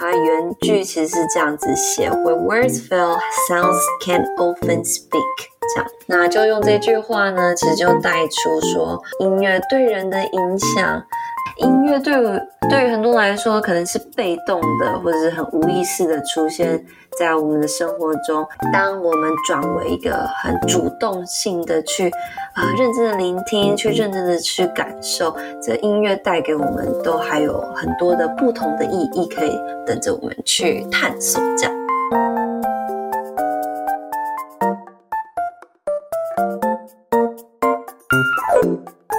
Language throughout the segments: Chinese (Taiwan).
啊，原句其實是這樣子寫，Where 會 words fail, sounds can often speak。這樣，那、啊、就用這句話呢，其實就帶出說音樂對人的影響，音樂對我。對於很多人來說，可能是被動的，或者是很無意識的出現在我們的生活中。當我們轉為一個很主動性的去啊、呃，認真的聆聽，去認真的去感受，這音樂帶給我們都還有很多的不同的意義，可以等着我們去探索。這樣。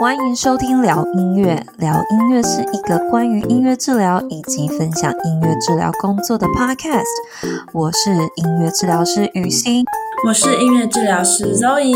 歡迎收聽《療音樂》，療音樂是一個關於音樂治療以及分享音樂治療工作的 podcast。我是音樂治療師雨欣，我是音樂治療師 Zoe。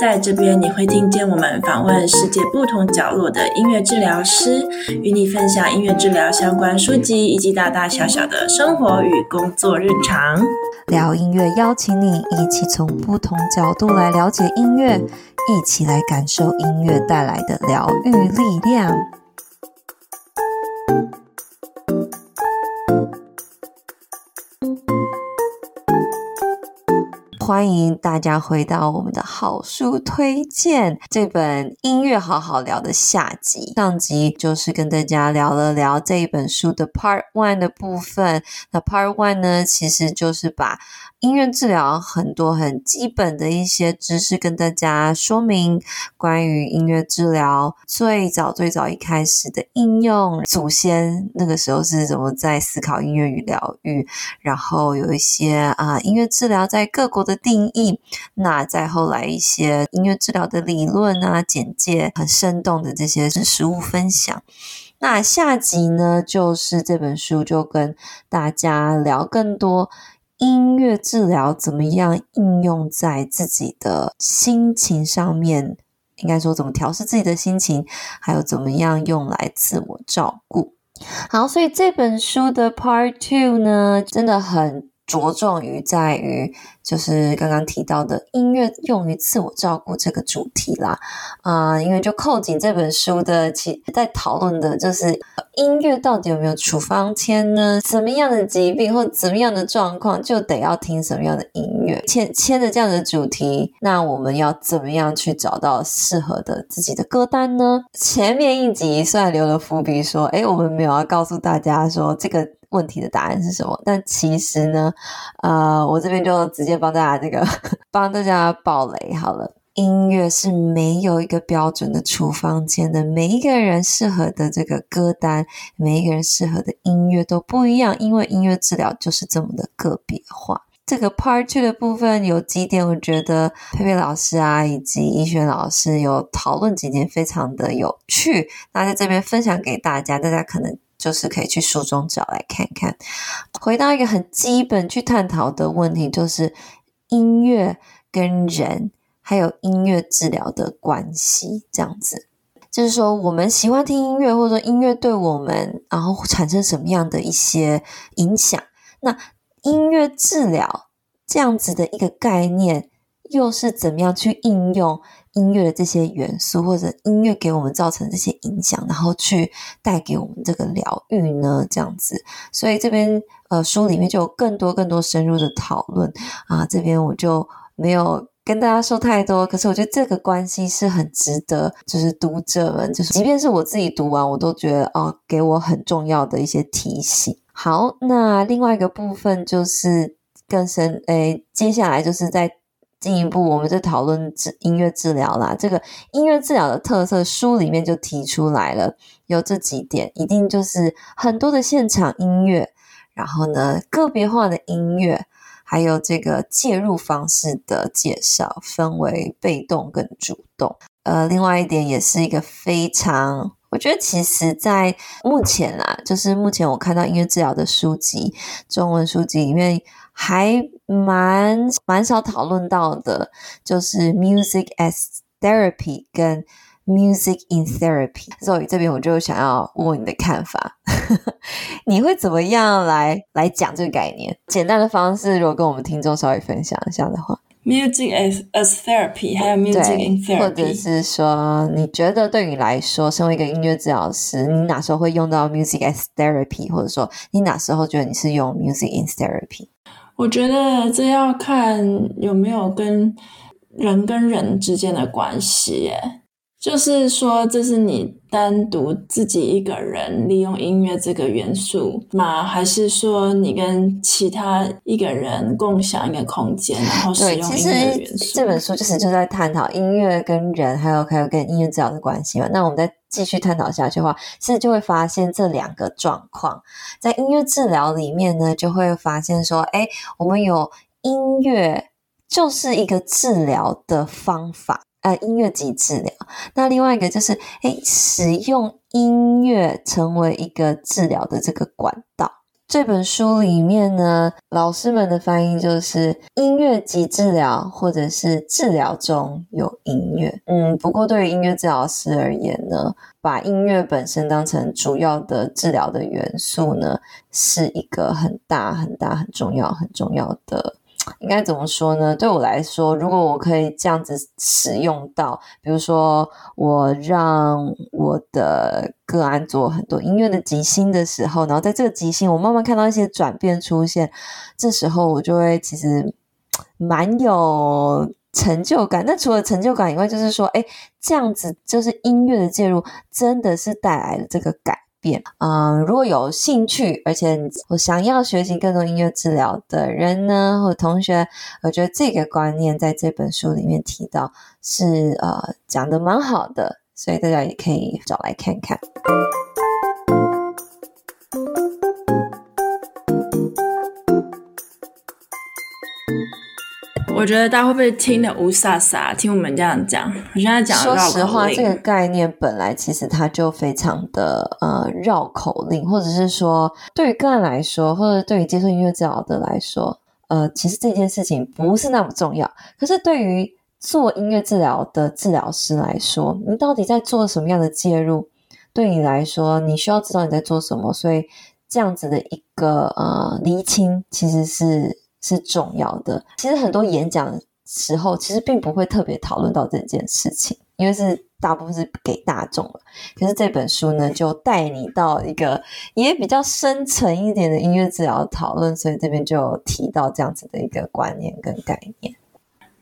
在這邊，你會聽見我們訪問世界不同角落的音樂治療師，與你分享音樂治療相關書籍以及大大小小的生活與工作日常。療音樂，邀請你一起從不同角度來了解音樂。一起來感受音樂帶來的療癒力量。歡迎大家回到我們的好書推薦這本《音樂好好療》的下集。上集就是跟大家聊了聊這一本書的 Part One 的部分。那 Part One 呢，其實就是把音樂治療很多很基本的一些知識跟大家說明。關於音樂治療最早最早一開始的應用，祖先那個時候是怎麼在思考音樂與療癒，然後有一些啊、呃，音樂治療在各國的。定義，那再後來一些音樂治療的理論啊，簡介很生動的這些實務分享。那下集呢，就是這本書就跟大家聊更多音樂治療怎麼樣應用在自己的心情上面，應該說怎麼調適自己的心情，還有怎麼樣用來自我照顧。好，所以這本書的 Part Two 呢，真的很。着重於在於就是剛剛提到的音樂用於自我照顧這個主題啦，啊、呃，因為就扣緊這本書的其在討論的就是音樂到底有沒有處方箋呢？什麼樣的疾病或怎麼樣的狀況就得要聽什麼樣的音樂？簽簽着這樣的主題，那我們要怎麼樣去找到適合的自己的歌單呢？前面一集雖然留了伏筆說，說哎，我們沒有要告訴大家說這個。問題的答案是什麼？但其實呢，呃，我這邊就直接幫大家這個幫大家爆雷好了。音樂是沒有一個標準的處方箋的，每一個人適合的這個歌單，每一個人適合的音樂都不一樣，因為音樂治療就是這麼的個別化。這個 part two 的部分有幾點，我覺得佩佩老師啊，以及醫學老師有討論幾點，非常的有趣。那在這邊分享給大家，大家可能。就是可以去書中找來看看。回到一個很基本去探討的問題，就是音樂跟人還有音樂治療的關係，這樣子就是說我們喜歡聽音樂，或者說音樂對我們，然後產生什麼樣的一些影響？那音樂治療這樣子的一個概念，又是怎麼樣去應用？音樂的這些元素，或者音樂給我們造成這些影響，然後去帶給我們這個療癒呢？這樣子，所以這邊呃書裡面就有更多更多深入的討論啊。這邊我就沒有跟大家說太多，可是我覺得這個關係是很值得，就是讀者們，就是即便是我自己讀完，我都覺得啊、呃，給我很重要的一些提醒。好，那另外一個部分就是更深，哎，接下來就是在。進一步，我們就討論治音樂治療啦。這個音樂治療的特色，書裡面就提出來了，有這幾點，一定就是很多的現場音樂，然後呢，個別化的音樂，還有這個介入方式的介紹，分為被動跟主動。呃，另外一點也是一個非常。我覺得其實，在目前啦，就是目前我看到音樂治療的書籍，中文書籍裡面還蠻蠻少討論到的，就是 music as therapy 跟 music in therapy。所以這邊我就想要問問你的看法， 你會怎麼樣來來講這個概念？簡單的方式，如果跟我們聽眾稍微分享一下的話。Music as as therapy，還有 music in therapy，或者是說，你覺得對你來說，身為一個音樂治療師，你哪時候會用到 music as therapy，或者說，你哪時候覺得你是用 music in therapy？我覺得這要看有沒有跟人跟人之間的關係耶。就是說，這是你單獨自己一個人利用音樂這個元素嗎？還是說你跟其他一個人共享一個空間，然後使用音樂元素？對，這本書就是就在探討音樂跟人，還有還有跟音樂治療的關係嘛。那我們再繼續探討下去的話，是就會發現這兩個狀況，在音樂治療裡面呢，就會發現說，哎，我們有音樂就是一個治療的方法。呃、啊，音樂即治療。那另外一個就是，誒，使用音樂成為一個治療的這個管道。這本書裡面呢，老師們的翻譯就是“音樂即治療”或者是“治療中有音樂”。嗯，不過對於音樂治療師而言呢，把音樂本身當成主要的治療的元素呢，是一個很大、很大、很重要、很重要的。應該怎麼說呢？對我來說，如果我可以這樣子使用到，比如說我讓我的個案做很多音樂的即興的時候，然後在這個即興，我慢慢看到一些轉變出現，這時候我就會其實蠻有成就感。那除了成就感以外，就是說，誒，這樣子就是音樂的介入真的是帶來了這個感。嗯、呃，如果有興趣，而且我想要學習更多音樂治療的人呢，或者同學，我覺得這個觀念在這本書裡面提到是呃講得蠻好的，所以大家也可以找來看看。嗯我覺得大家會不會聽得霧煞煞？嗯、聽我們這樣講，我現在講的。說實話，這個概念本來其實它就非常的呃繞口令，或者是說，對於個案來說，或者對於接受音樂治療的來說，呃，其實這件事情不是那麼重要。可是對於做音樂治療的治療師來說，你到底在做什麼樣的介入？對你來說，你需要知道你在做什麼。所以這樣子的一個呃釐清，其實是。是重要的。其實很多演講時候，其實並不會特別討論到這件事情，因為是大部分是給大眾了。可是這本書呢，就帶你到一個也比較深層一點的音樂治療討論，所以這邊就提到這樣子的一個觀念跟概念。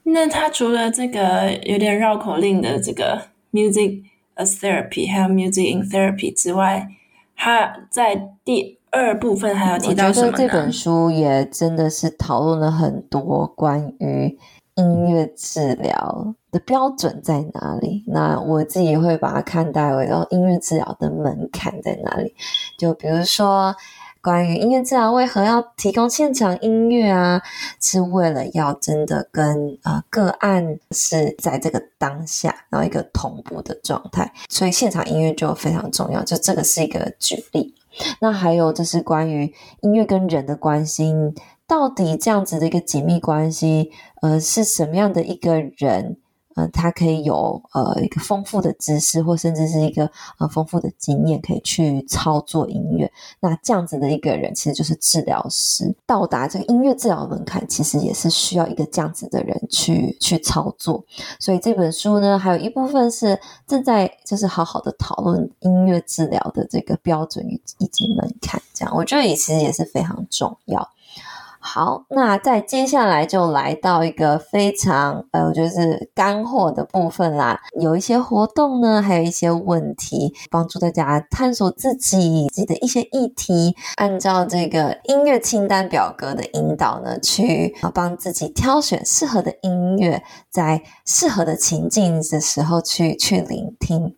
那它除了這個有點繞口令的這個 music as therapy，還有 music in therapy 之外，他在第二部分還有提到說，這本書也真的是討論了很多關於音樂治療的標準在哪裡。那我自己會把它看待為，然後音樂治療的門檻在哪裡？就比如說，關於音樂治療為何要提供現場音樂啊，是為了要真的跟呃個案是在這個當下，然後一個同步的狀態，所以現場音樂就非常重要。就這個是一個舉例。那還有，就是關於音樂跟人的關係，到底這樣子的一個緊密關係，呃，是什麼樣的一個人？呃，他可以有呃一個豐富的知識，或甚至是一個呃豐富的經驗，可以去操作音樂。那這樣子的一個人，其實就是治療師，到達這個音樂治療門檻，其實也是需要一個這樣子的人去去操作。所以這本書呢，還有一部分是正在就是好好的討論音樂治療的這個標準以及門檻。這樣，我覺得也其實也是非常重要。好，那在接下來就來到一個非常呃，就是乾貨的部分啦。有一些活動呢，還有一些問題，幫助大家探索自己自己的一些議題，按照這個音樂清單表格的引導呢，去啊幫自己挑選適合的音樂，在適合的情境的時候去去聆聽。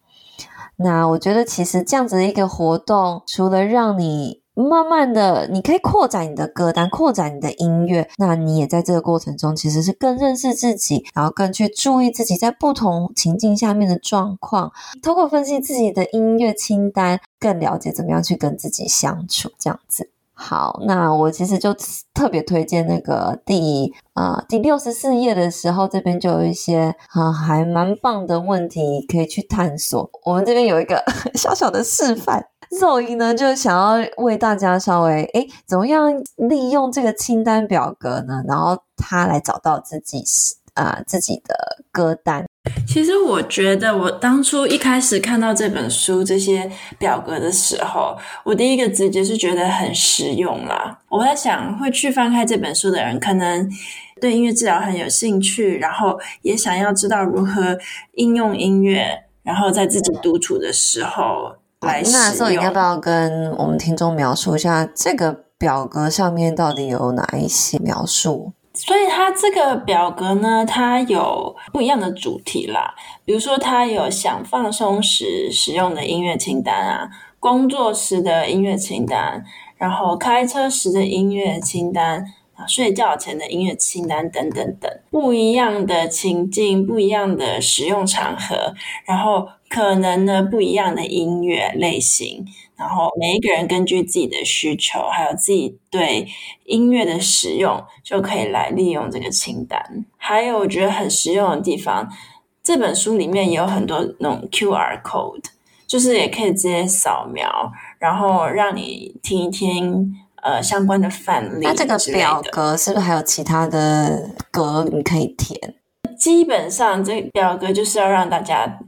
那我覺得其實這樣子的一個活動，除了讓你慢慢的，你可以擴展你的歌單，擴展你的音樂。那你也在這個過程中，其實是更認識自己，然後更去注意自己在不同情境下面的狀況。透過分析自己的音樂清單，更了解怎麼樣去跟自己相處。這樣子，好，那我其實就特別推薦那個第啊、呃、第六十四頁的時候，這邊就有一些啊、呃、還蠻棒的問題可以去探索。我們這邊有一個小小的示範。Zoe 呢，就想要為大家稍微哎，怎麼樣利用這個清單表格呢？然後他來找到自己啊、呃、自己的歌單。其實我覺得，我當初一開始看到這本書這些表格的時候，我第一個直覺是覺得很實用啦。我在想，會去翻開這本書的人，可能對音樂治療很有興趣，然後也想要知道如何應用音樂，然後在自己獨處的時候。嗯哦，那這裡要不要跟我們聽眾描述一下這個表格上面到底有哪一些描述？所以它這個表格呢，它有不一樣的主題啦，比如說它有想放鬆時使用的音樂清單啊，工作時的音樂清單，然後開車時的音樂清單啊，睡覺前的音樂清單等等等，不一樣的情境，不一樣的使用場合，然後。可能呢，不一樣的音樂類型，然後每一個人根據自己的需求，還有自己對音樂的使用，就可以來利用這個清單。還有我覺得很實用的地方，這本書裡面也有很多那種 QR code，就是也可以直接掃描，然後讓你聽一聽呃相關的範例之類的。那這個表格是不是還有其他的格你可以填？基本上這表格就是要讓大家。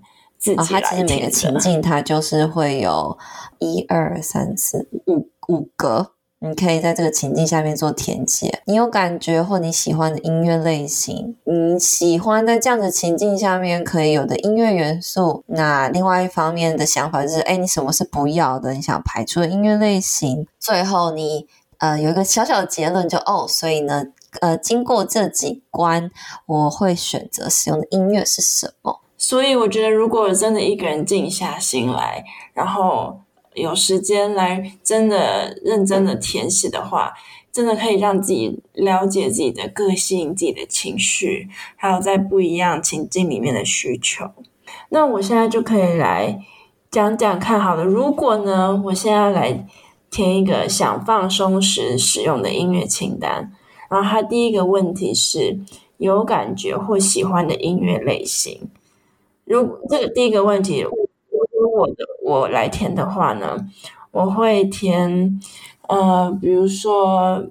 啊、哦，它其實每個情境，它就是會有一二三四五五個，你可以在這個情境下面做填寫。你有感覺或你喜歡的音樂類型，你喜歡在這樣的情境下面可以有的音樂元素。那另外一方面的想法就是，哎，你什麼是不要的？你想排除的音樂類型。最後你，你呃有一個小小的結論就，就哦，所以呢，呃，經過這幾關，我會選擇使用的音樂是什麼。所以我覺得，如果真的一個人靜下心來，然後有時間來真的認真的填寫的話，真的可以讓自己了解自己的個性、自己的情緒，還有在不一樣情境裡面的需求。那我現在就可以來講講看好了。如果呢，我現在來填一個想放鬆時使用的音樂清單，然後它第一個問題是有感覺或喜歡的音樂類型。如果這個第一個問題，我如果我的我來填的話呢，我會填，呃，比如說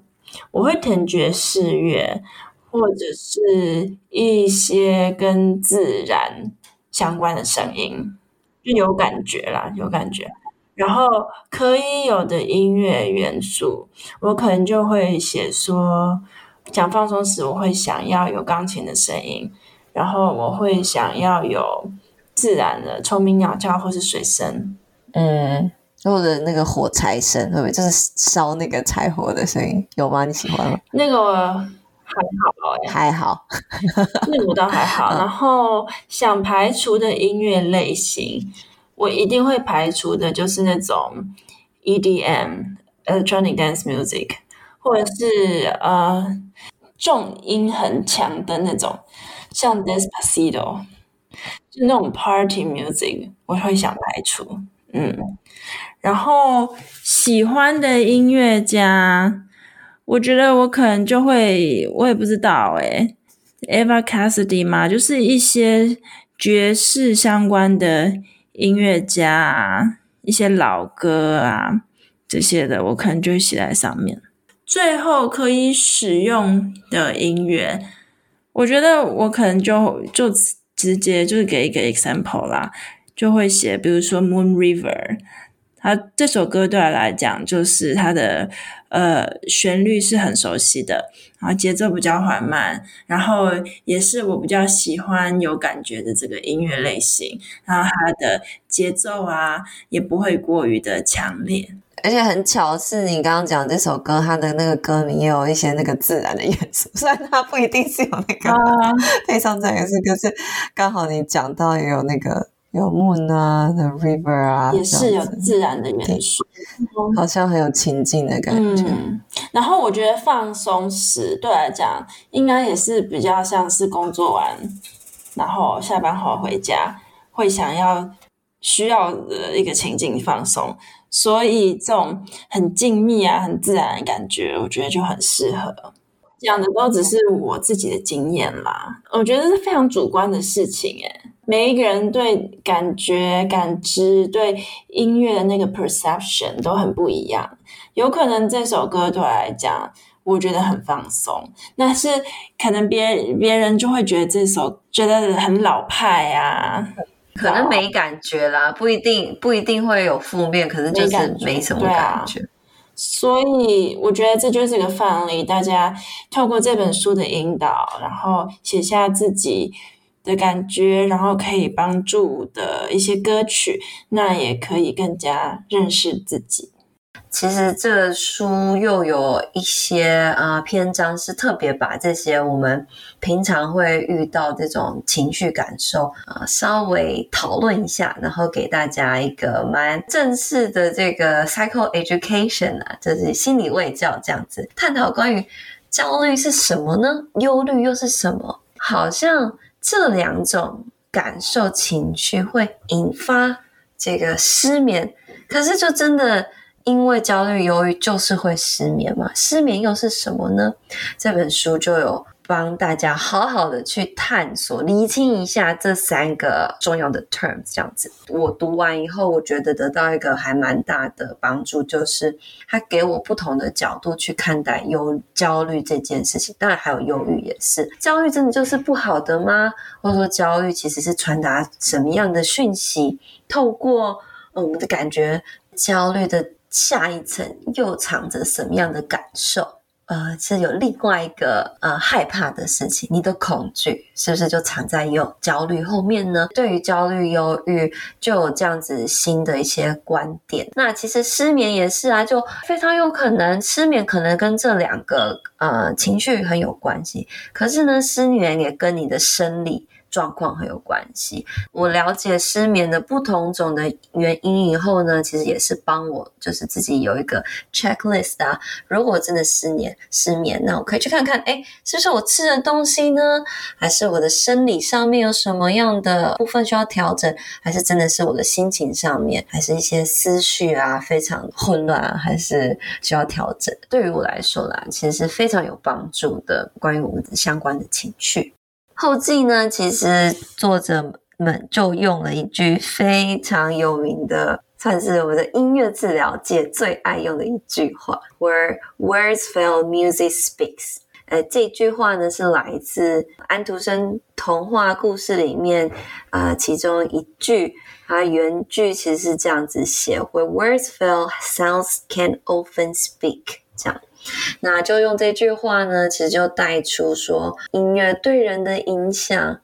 我會填爵士樂，或者是一些跟自然相關的聲音，就有感覺啦，有感覺。然後可以有的音樂元素，我可能就會寫說，講放鬆時，我會想要有鋼琴的聲音。然後我會想要有自然的蟲鳴鳥叫或是水聲，嗯，或者那個火柴聲，對不對？就是燒那個柴火的聲音，有嗎？你喜歡嗎？那個還好，欸，還好，那個我倒還好。 然後想排除的音樂類型，我一定會排除的就是那種 EDM、Electronic Dance Music，或者是呃重音很強的那種。像 Despacito，就那種 party music，我會想排除。嗯，然後喜歡的音樂家，我覺得我可能就會，我也不知道誒，Eva Cassidy 嘛，就是一些爵士相關的音樂家啊，一些老歌啊這些的，我可能就會寫在上面。最後可以使用的音樂。我覺得我可能就就直接就是給一個 example 啦，就會寫，比如說《Moon River》，它這首歌對我來講就是它的呃旋律，是很熟悉的，然後節奏比較緩慢，然後也是我比較喜歡有感覺的這個音樂類型，然後它的節奏啊也不會過於的強烈。而且很巧，是你剛剛講這首歌，它的那個歌名也有一些那個自然的元素，雖然它不一定是有那個悲傷這也是，啊、可是剛好你講到也有那個有 moon 啊，the river 啊，也是有自然的元素，好像很有情境的感覺。嗯、然後我覺得放鬆時，對來講應該也是比較像是工作完，然後下班後回家會想要需要的一個情境放鬆。所以這種很靜謐啊、很自然的感覺，我覺得就很適合。講的都只是我自己的經驗啦，我覺得是非常主觀的事情。哎，每一個人對感覺、感知、對音樂的那個 perception 都很不一樣。有可能這首歌對我來講，我覺得很放鬆，但是可能別別人就會覺得這首覺得很老派啊。嗯可能沒感覺啦，哦、不一定不一定會有負面，可是就是沒什麼感覺。感覺啊、所以我覺得這就是一個範例，大家透過這本書的引導，然後寫下自己的感覺，然後可以幫助的一些歌曲，那也可以更加認識自己。其實這書又有一些啊、呃、篇章是特別把這些我們平常會遇到這種情緒感受啊、呃，稍微討論一下，然後給大家一個蠻正式的這個 psycho education 啊，就是心理衛教這樣子。探討關於焦慮是什麼呢？憂慮又是什麼？好像這兩種感受情緒會引發這個失眠，可是就真的。因為焦慮、憂鬱就是會失眠嘛？失眠又是什麼呢？這本書就有幫大家好好的去探索，理清一下這三個重要的 terms。這樣子，我讀完以後，我覺得得到一個還蠻大的幫助，就是它給我不同的角度去看待憂焦慮這件事情。當然，還有憂鬱也是。焦慮真的就是不好的嗎？或者說焦慮其實是傳達什麼樣的訊息？透過我們的感覺，焦慮的。下一層又藏着什麼樣的感受？呃，是有另外一個呃害怕的事情，你的恐懼是不是就藏在憂焦慮後面呢？對於焦慮、憂鬱，就有這樣子新的一些觀點。那其實失眠也是啊，就非常有可能失眠可能跟這兩個呃情緒很有關係。可是呢，失眠也跟你的生理狀況很有關係。我了解失眠的不同種的原因以後呢，其實也是幫我就是自己有一個 checklist 啊。如果真的失眠，失眠，那我可以去看看，誒，是不是我吃的東西呢？還是我的生理上面有什麼樣的部分需要調整？還是真的是我的心情上面，還是一些思緒啊非常混亂啊，還是需要調整？對於我來說啦，其實是非常有幫助的，關於我們相關的情緒。後記呢，其實作者們就用了一句非常有名的，算是我們的音樂治療界最愛用的一句話：Where words fail, music speaks。呃，這一句話呢是來自安徒生童話故事裡面啊、呃、其中一句它，原句其實是這樣子寫：Where words fail, sounds can often speak。這樣。那就用這句話呢，其實就帶出說音樂對人的影響。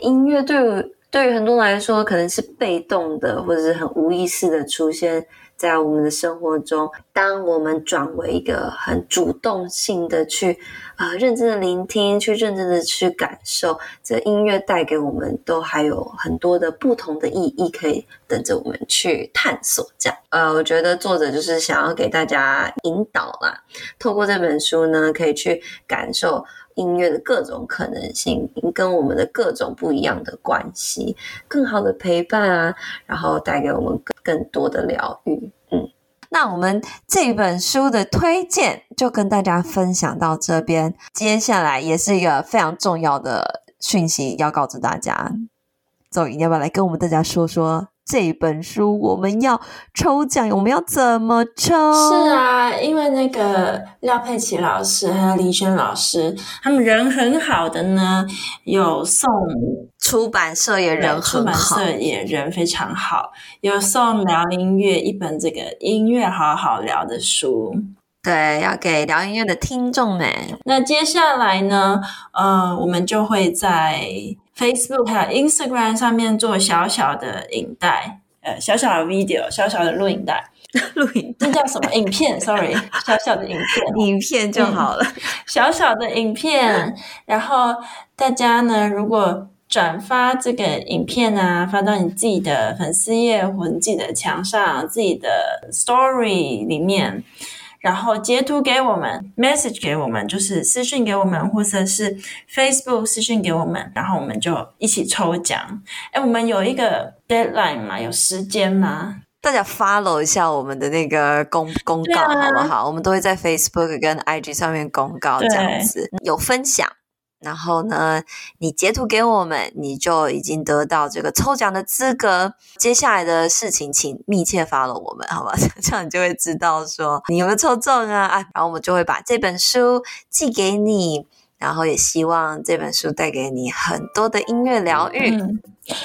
音樂對於對於很多人來說，可能是被動的，或者是很無意識的出現。在我們的生活中，當我們轉為一個很主動性的去，呃，認真的聆聽，去認真的去感受，這音樂帶給我們都還有很多的不同的意義可以等着我們去探索。這樣，呃，我覺得作者就是想要給大家引導啦，透過這本書呢，可以去感受。音樂的各種可能性，跟我們的各種不一樣的關係，更好的陪伴啊，然後帶給我們更，更多的療癒。嗯，那我們這本書的推薦就跟大家分享到這邊。接下來也是一個非常重要的訊息要告訴大家，Zoe 要不要來跟我們大家說說？這本書我們要抽獎，我們要怎麼抽？是啊，因為那個廖佩琪老師和黎軒老師他們人很好的呢，有送出版社也人對很好出版社也人非常好，有送療音樂一本這個音樂好好療的書，對，要給療音樂的聽眾們。那接下來呢，呃，我們就會在。Facebook 還有 Instagram 上面做小小的影帶，呃，小小的 video，小小的錄影帶，錄影，這叫什麼影片？Sorry，小小的影片，影片就好了，嗯。小小的影片， 然後大家呢，如果轉發這個影片啊，發到你自己的粉絲頁，或自己的牆上，自己的 Story 裡面。然後截圖給我們，message 給我們，就是私信給我們，或者是 Facebook 私信給我們，然後我們就一起抽獎。哎、欸，我們有一個 deadline 嘛，有時間嗎？大家 follow 一下我們的那個公公告好不好？啊、我們都會在 Facebook 跟 IG 上面公告這樣子，對有分享。然後呢，你截圖給我們，你就已經得到這個抽獎的資格。接下來的事情，請密切 follow 我們，好嗎？這樣你就會知道說你有沒有抽中啊。啊，然後我們就會把這本書寄給你，然後也希望這本書帶給你很多的音樂療癒。嗯，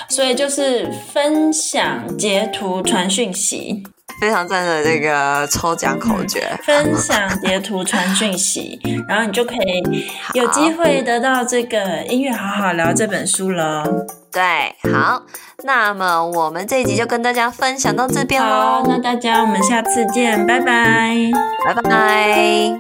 所以就是分享截圖、傳訊息。非常讚的這個抽獎口訣。嗯，分享截圖傳訊息， 然後你就可以有機會得到這個《音樂好好療》這本書了。對，好，那麼我們這一集就跟大家分享到這邊嘍。好，那大家我們下次見，拜拜，拜拜。